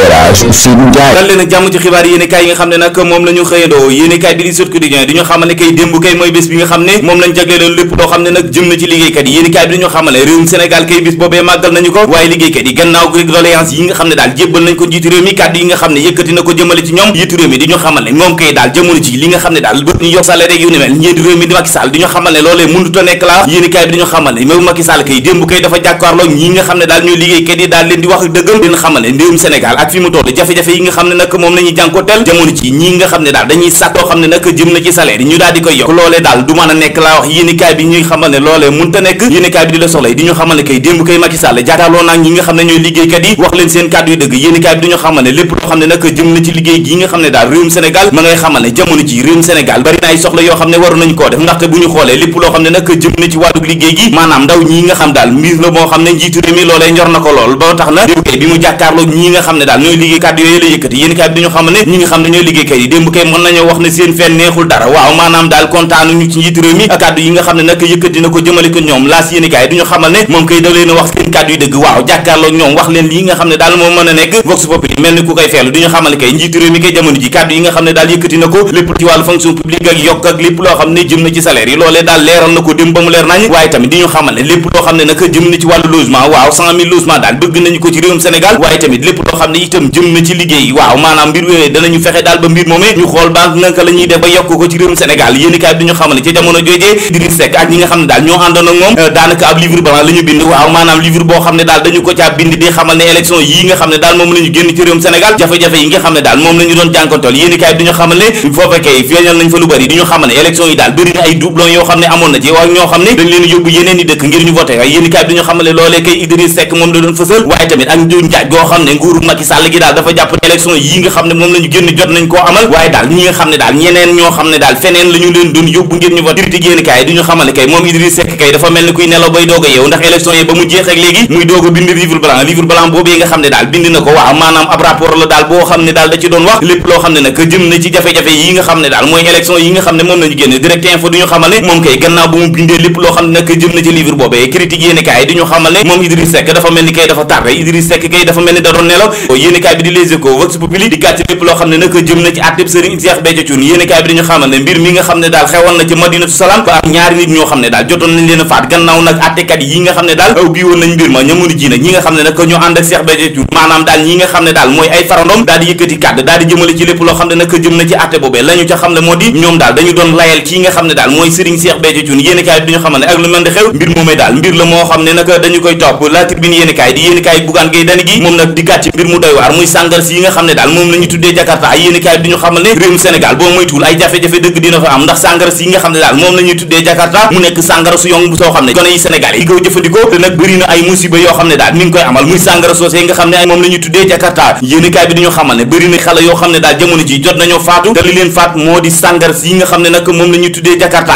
Elhadji Ousseynou Ndiaye dal leen ak jàmm ci xibaar yéene bi di xamal ne moom lañ jagleeloon lépp loo xam ne nag jëm na ci liggéeykat yi yéene kaay bi di ñu xamale réewum a ñi nga xam ne daal ñooy liggéeykat yi daal leen di wax dëggam leen xamal ne réewum Sénégal ak fi mu toll jafe-jafe yi nga xam ne nag moom la ñuy na la soxla yi jaakaarloo naa ñi nga xam ne ñooy liggéeykat yi wax leen seen kàddu dëgg yéenekaay bi di xamal ne lépp loo xam ne nag jëm na ci liggéey gi nga xam ne daal réewum Sénégal ma ngay xamal ne jamono ji réewum Sénégal bari na ay soxla yoo xam ne waru nañ koo def ndaxte bu ñu xoolee lépp loo xam ne nag jëm na ci wàllu liggéey gi maanaam ndaw ñi nga xam daal mbir moo xam ne njiitu réew mi loolee ñor na ko lool ba tax na démb kay bi mu jàkkaarloo Sénégal ñooy liggéeykat yooyu la yëkkati yéen kaay bi ne na ko jëmale ko ñoom laas yéen kaay duñu xamal ne moom kay a wax seen xam ne daal moo a nekk kay njiitu réew kay jamono ji na ko ne jëm na ci salaire dem ba mu leer nañ waaye tamit di xamal ne lépp loo xam ne nag jëm na ci wàllu logement waaw cent mille logement daal bëgg nañu ko ci réewum Sénégal waaye tamit lépp loo xam ne itam jëm na ci liggéey waaw maanaam mbir woowee danañu fexe daal ba mbir moomee ñu xool ba naka la ñuy def ba yokk ko ci réewum Sénégal yéen i bi dañu xamal ne dañu doon jànkontol yéen i bi dañu xamal ne foofe kay feeñal nañ moom la doon fësal waaye tamit ak njaaj goo xam ne nguuru Macky Sall gi daal dafa jàpp ne élection yi nga xam ne moom la ñu génn jot nañ koo amal waaye daal ñi nga xam ne daal ñeneen ñoo xam ne daal feneen la leen doon yóbbu ngir ñu vote critique yéen kaay di xamal ne moom Idriss Seck dafa mel ni a yeewu ndax élection a bind livre kay dafa mel ni kay kay dafa mel ni da doon nelaw yéenekaay bi di Les Échos Vox Populi di ne naka jëm a faat gannaaw nag di yëkkati ci lépp loo xam ne naka jëm na ci àtte boobee la ca xam ne moo di ñoom daal dañu doon layal kii nga xam ne daal mooy Serigne Cheikh Béthio Thioune yéenekaay bi dañu xamal ne ak lu mel di xew mbir moomee daal mbir la moo xam ne naka dañu koy topp la tribune yéenekaay di yéenekaay bugaan gay dani gi moom nag di gàcc mbir mu doy doy waar muy sàngara si yi nga xam ne daal moom la ñu tuddee Jakarta ay yéen i kaay duñu xamal ne réewum Sénégal boo moytuwul ay ne daal moom la ñuy tuddee Jakarta mu nekk sàngara su yong bu soo xam ne gone yi Sénégal yi koy musiba yoo xam ne daal mi ngi koy amal muy sàngara soosé nga xam ne ay moom la ñuy tuddee Jakarta yéen i kaay bi duñu ne bëri na jot nañoo faatu te leen faat moo di sàngara si yi nga xam ne nag moom la ñuy tuddee Jakarta